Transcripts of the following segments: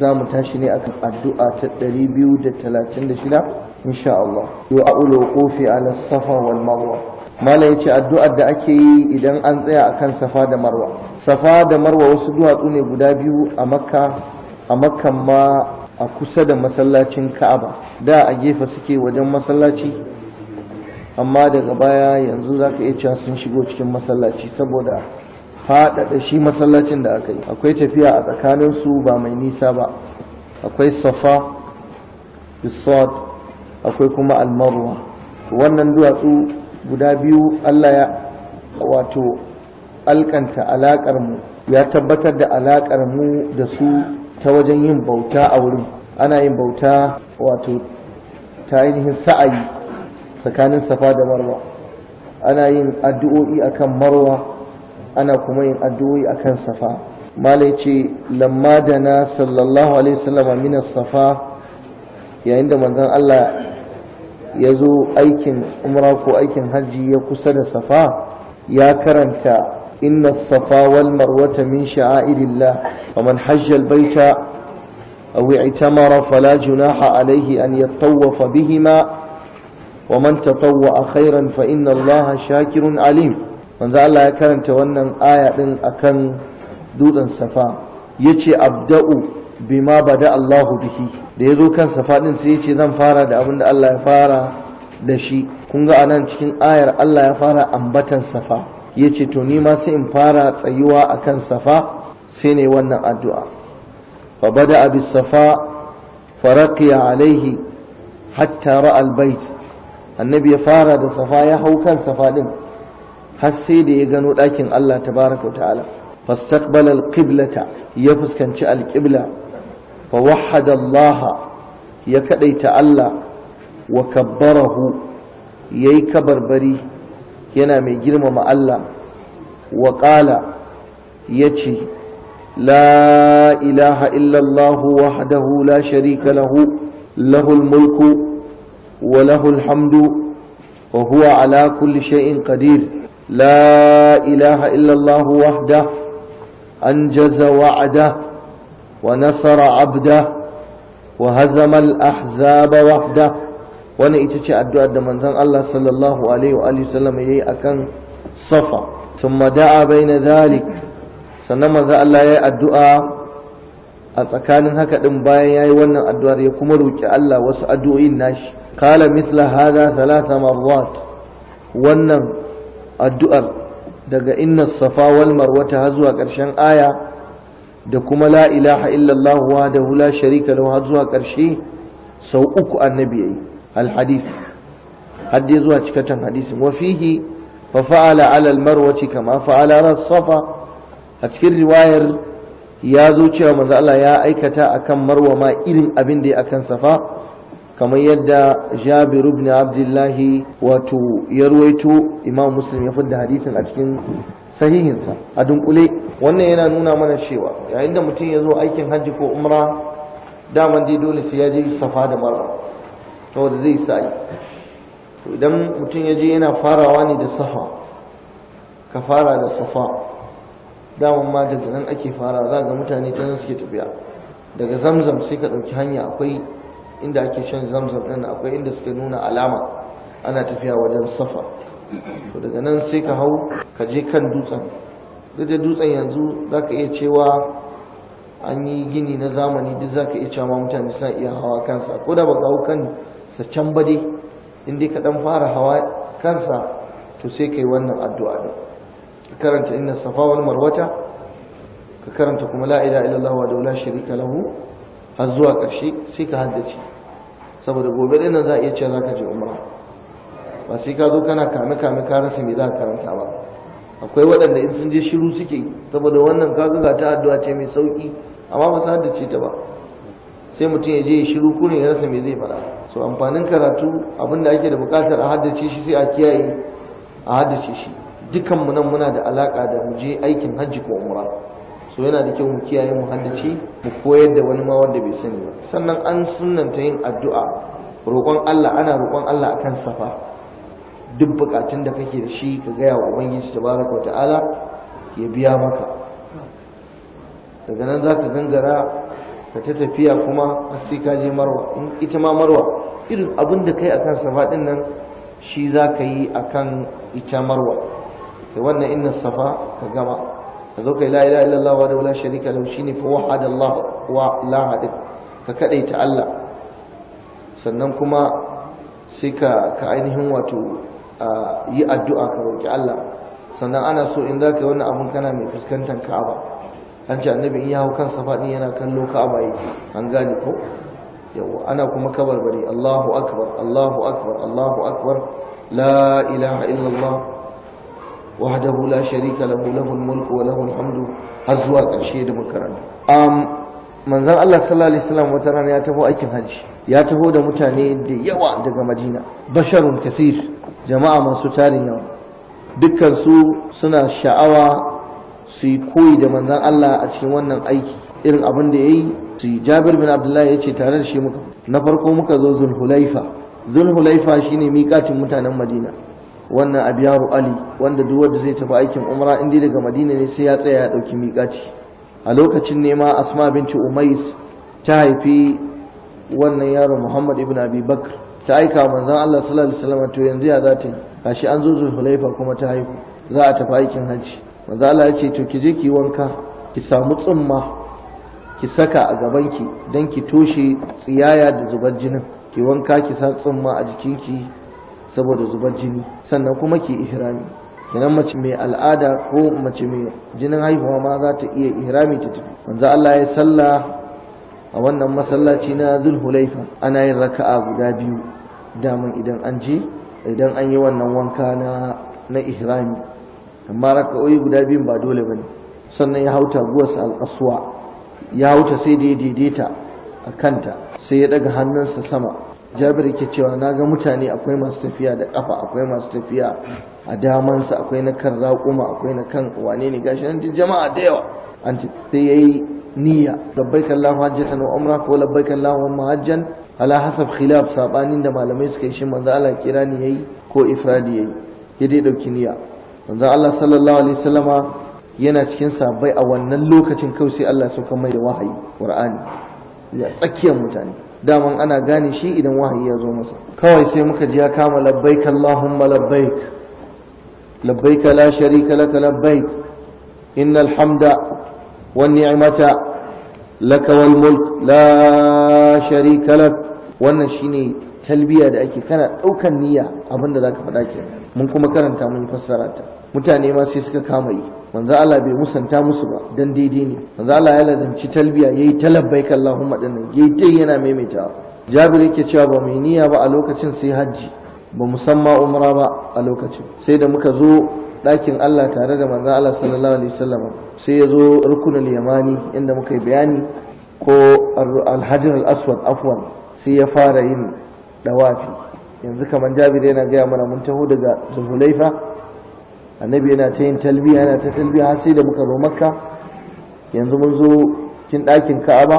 za mu tashi ne akan addu'a ta 236 insha Allah yu'ul wuqufi ala safa wal marwa mala yace addu'a da ake yi idan an tsaya akan safa da marwa safa da marwa wasu duwatsu ne guda biyu a makka a makka ma a kusa da masallacin ka'aba da a gefe suke wajen masallaci amma daga baya yanzu zaka iya cewa sun shigo cikin masallaci saboda faɗaɗa shi masallacin da aka yi akwai tafiya a tsakanin su ba mai nisa ba akwai safa bisod akwai kuma almarwa wannan duwatsu guda biyu allah ya wato alkanta alaƙar mu ya tabbatar da alaƙar mu da su ta wajen yin bauta a wurin ana yin bauta wato ta ainihin sa'ayi tsakanin safa da marwa ana yin addu'o'i akan marwa ana kuma yin addu'o'i akan safa malai ce lamma da na sallallahu alaihi sallama mina safa yayin da manzon Allah ya zo aikin umra ko aikin hajji ya kusa da safa ya karanta inna safa wal marwata min sha'airillah wa man hajja al baita aw i'tamara fala junaha alayhi an yattawafa bihima ومن تطوع خيرا فإن الله shakirun alim. manzo Allah ya karanta wannan aya din akan dutsen safa yace abda'u bima bada Allahu bihi da yazo kan safa din sai yace zan fara da abin da Allah ya fara da shi kun ga anan cikin ayar Allah ya fara ambatan safa yace to ni ma sai in fara tsayuwa akan safa sai ne wannan addu'a fa bada bis safa faraqiya alaihi hatta ra'al bait annabi ya fara da safa ya hau kan safa din har sai da ya gano ɗakin Allah tabaraka wa ta'ala fastaqbala alqiblata ya fuskanci alqibla fa wahhada Allah ya kadaita Allah wa kabbarahu yayi kabarbari yana mai girmama Allah wa qala yace la ilaha illa Allah wahdahu la sharika lahu lahu almulku wa lahu alhamdu وهو على كل شيء قدير لا إله إلا الله وحده أنجز وعده ونصر عبده وهزم الأحزاب وحده وانا اتشي أدعى دمان الله صلى الله عليه وآله وسلم إليه أكن صفا ثم دعا بين ذلك sannan manzo Allah ya yi addu'a a tsakanin haka ɗin bayan ya yi wannan addu'ar ya kuma roƙi Allah wasu addu'o'in nashi kala misla hada thalatha marwat wannan addu'ar daga inna safa wal marwata har zuwa ƙarshen aya da kuma la ilaha illallah da hula sharika lahu har zuwa ƙarshe sau uku annabi yayi al hadith hadde zuwa cikatan hadisin wa fihi fa fa'ala ala al marwati kama fa'ala ala safa a cikin riwayar ya zo cewa manzo Allah ya aikata akan marwa ma irin abin da ya akan safa kamar yadda jabiru ibn abdullahi wato ya ruwaito imam muslim ya fadda hadisin a cikin sahihinsa a dunkule wannan yana nuna mana cewa yayin da mutum ya zo aikin hajji ko umra daman dai dole sai ya je safa da marwa saboda zai sa'i to idan mutum ya je yana farawa ne da safa ka fara da safa daman ma daga nan ake fara za ga mutane ta nan suke tafiya daga zamzam sai ka ɗauki hanya akwai inda ake shan zamzam ɗana, akwai inda suka nuna alama ana tafiya wajen safa to daga nan sai ka hau ka je kan dutsen duk da dutsen yanzu za ka iya cewa an yi gini na zamani duk za ka iya cewa mutane suna iya hawa kansa ko da ba ka hau kan sa can bade ka dan fara hawa kansa to sai ka yi wannan addu'a ɗin ka karanta inna safa wal marwata ka karanta kuma la ilaha illallah wa la sharika lahu har zuwa ƙarshe sai ka haddace saboda gobe ɗin nan za a iya cewa za ka je umra ba sai ka zo kana kame kame ka rasa me za ka karanta ba akwai waɗanda in sun je shiru suke saboda wannan ka ga ta addu'a ce mai sauki amma ba su haddace ta ba sai mutum ya je ya shiru ko kurin ya rasa me zai faɗa so amfanin karatu abinda da ake da buƙatar a haddace shi sai a kiyaye a haddace shi dukanmu nan muna da alaƙa da mu je aikin hajji ko umra so yana da kyau mu kiyaye mu haddace mu koyar da wani ma wanda bai sani ba sannan an sunnanta yin addu'a roƙon Allah ana roƙon Allah akan safa duk buƙatun da kake da shi ka gaya wa ubangiji tabaraka ta'ala ya biya maka daga nan zaka gangara ka ta tafiya kuma har sai ka je marwa in ita ma marwa irin abin da kai akan safa din nan shi zaka yi akan ita marwa da wannan inna safa ka gama zo ka yi la'ila, illallah wa la sharika lahu shine fa wahada Allah wa ilaha din ka kadaita Allah sannan kuma sai ka ka ainihin wato yi addu'a ka roki Allah sannan ana so in zaka wannan abun kana mai fuskantar Ka'aba an ce annabi in ya hau kansa faɗi yana kallo Ka'aba yake an gane ko yawa ana kuma kabarbari Allahu akbar Allahu akbar Allahu akbar la ilaha illallah wahdahu hula sharika lahu lahul mulku wa lahul hamdu har zuwa ƙarshe da makaranta um, manzon Allah sallallahu alaihi wata rana ya taho aikin hajji ya taho da mutane da yawa daga Madina basharun kasir jama'a masu tarin yawa dukkan suna sha'awa su yi koyi da manzon Allah a cikin wannan aiki irin abin da yayi su Jabir bin Abdullahi ya ce tare da shi na farko muka zo Zulhulaifa Zulhulaifa shine miƙatin mutanen Madina wannan abiyaru ali wanda duk wanda zai tafi aikin umra inda daga madina ne sai ya tsaya ya dauki miƙaci a lokacin ne ma asma binti umais ta haifi wannan yaro muhammad ibn abi bakr ta aika manzon allah sallallahu alaihi wasallam to yanzu ya zata yi an zo hulaifa kuma ta haihu za a tafi aikin hajji manzon allah ya ce to ki je ki wanka ki samu tsumma ki saka a gaban ki, don ki toshe tsiyaya da zubar jinin ki wanka ki sa tsumma a jikinki saboda zubar jini sannan kuma ke ihrami kenan mace mai al'ada ko mace mai jinin haihuwa ma za ta iya ihrami ta tafi manzo Allah ya salla a wannan masallaci na Zulhulaifa ana yin raka'a guda biyu daman idan an je idan an yi wannan wanka na na ihrami amma raka'o'i guda biyun ba dole ba ne. sannan ya hauta guwarsa al'aswa ya hauta sai da ya daidaita a kanta sai ya daga hannunsa sama jabir yake cewa na ga mutane akwai masu tafiya da kafa akwai masu tafiya a damansa akwai na kan raƙuma akwai na kan wane ne gashi nan jama'a da yawa an sai yayi niyya labbaik Allahu hajjatan wa umra ko labbaik Allahu hajjan ala hasab khilaf sabanin da malamai suka yi shi manzo Allah kira ni yayi ko ifradi yayi ya dai dauki niyya manzo Allah sallallahu alaihi wasallama yana cikin sabai a wannan lokacin kawai sai Allah sauka mai da wahayi Qur'ani tsakiyar mutane daman ana gane shi idan wahayi ya zo masa kawai sai muka ji ya kama labbaik Allahumma labbaik labbaik la sharika laka labbaik innal hamda wan ni'mata laka wal mulk la sharika lak wannan shine talbiya da ake kana ɗaukan niyya abinda za ka faɗa ke mun kuma karanta mun fassara ta mutane ma sai suka kama yi manzo Allah bai musanta musu ba dan daidai ne manzo Allah ya lazimci talbiya yayi talabbaik Allahumma din nan yayi dai yana maimaitawa Jabir yake cewa ba mu niyya ba a lokacin sai hajji ba musamman umra ba a lokacin sai da muka zo ɗakin Allah tare da manzo Allah sallallahu alaihi wasallam sai ya zo rukunul yamani inda muka yi bayani ko alhajar al-aswad afwan sai ya fara yin dawafi yanzu kamar jabir yana gaya mana mun taho daga zulhulaifa annabi yana ta yin talbiya yana ta talbiya har sai da muka zo makka yanzu mun zo cikin ɗakin ka'aba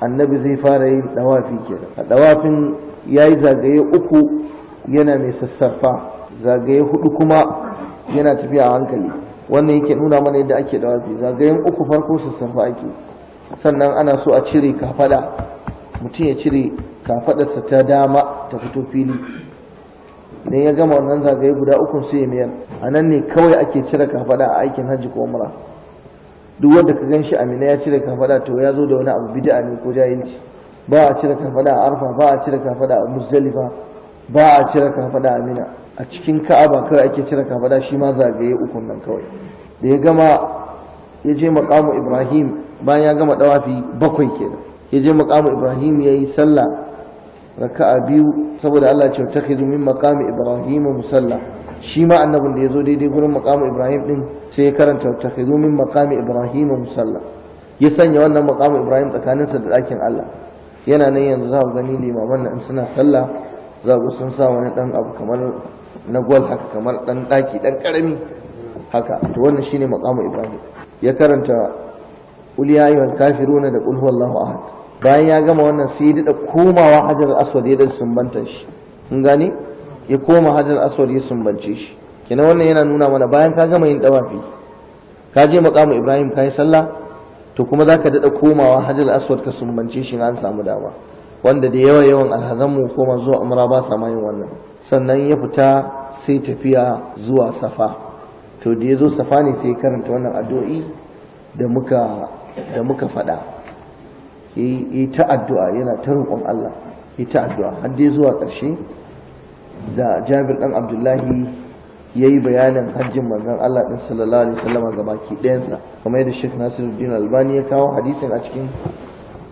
annabi zai fara yin dawafi kenan a dawafin yi zagaye uku yana mai sassarfa zagaye hudu kuma yana tafiya a hankali wannan yake nuna mana yadda ake dawafi zagayen uku farko sassarfa ake sannan ana so a cire kafada mutum ya cire kafaɗarsa ta dama ta fito fili idan ya gama wannan zagaye guda ukun sai ya miyar a nan ne kawai ake cire kafaɗa a aikin hajji ko umra duk wanda ka ganshi amina ya cire kafada to ya zo da wani abu bid'a ne ko jahilci ba a cire kafada a arfa ba a cire kafada a muzdalifa ba a cire kafaɗa a mina a cikin ba kawai ake cire kafada shi ma zagaye ukun nan kawai da ya gama ya je makamu ibrahim bayan ya gama ɗawafi bakwai kenan ya je maqamu ibrahim yayi sallah raka'a biyu saboda Allah ce ta khidu min maqami ibrahim musalla shi ma annabin da ya zo daidai gurin maqamu ibrahim din sai ya karanta ta khidu min ibrahim musalla ya sanya wannan maqamu ibrahim tsakaninsa da ɗakin Allah yana nan yanzu za ku gani limaman nan suna sallah za ku sun sa wani ɗan abu kamar na gwal haka kamar dan ɗaki ɗan karami haka to wannan shine maqamu ibrahim ya karanta qul ya ayyuhal kafiruna da qul huwallahu ahad bayan ya gama wannan sai ya dada komawa hajar aswad ya sumbanta shi kun gane ya koma hajar aswad ya sumbance shi kina wannan yana nuna mana bayan ka gama yin dawafi ka je maqamu ibrahim kai sallah to kuma zaka dada komawa hajar aswad ka sumbance shi an samu dama wanda da yawa yawan alhazanmu mu zuwa umra ba sa yin wannan sannan ya fita sai tafiya zuwa safa to da ya zo safa ne sai ya karanta wannan addu'o'i da muka da muka faɗa yi ta addu'a yana ta roƙon Allah yi ta addu'a har dai zuwa ƙarshe da Jabir ɗan Abdullahi ya yi bayanin hajjin manzon Allah ɗin sallallahu alaihi wasallam ga baki ɗayansa kamar yadda Sheikh Nasiruddin Albani ya kawo hadisin a cikin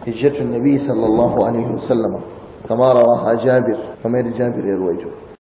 hijjatun Nabi sallallahu alaihi wasallam kamar ha Jabir kamar yadda Jabir ya ruwaito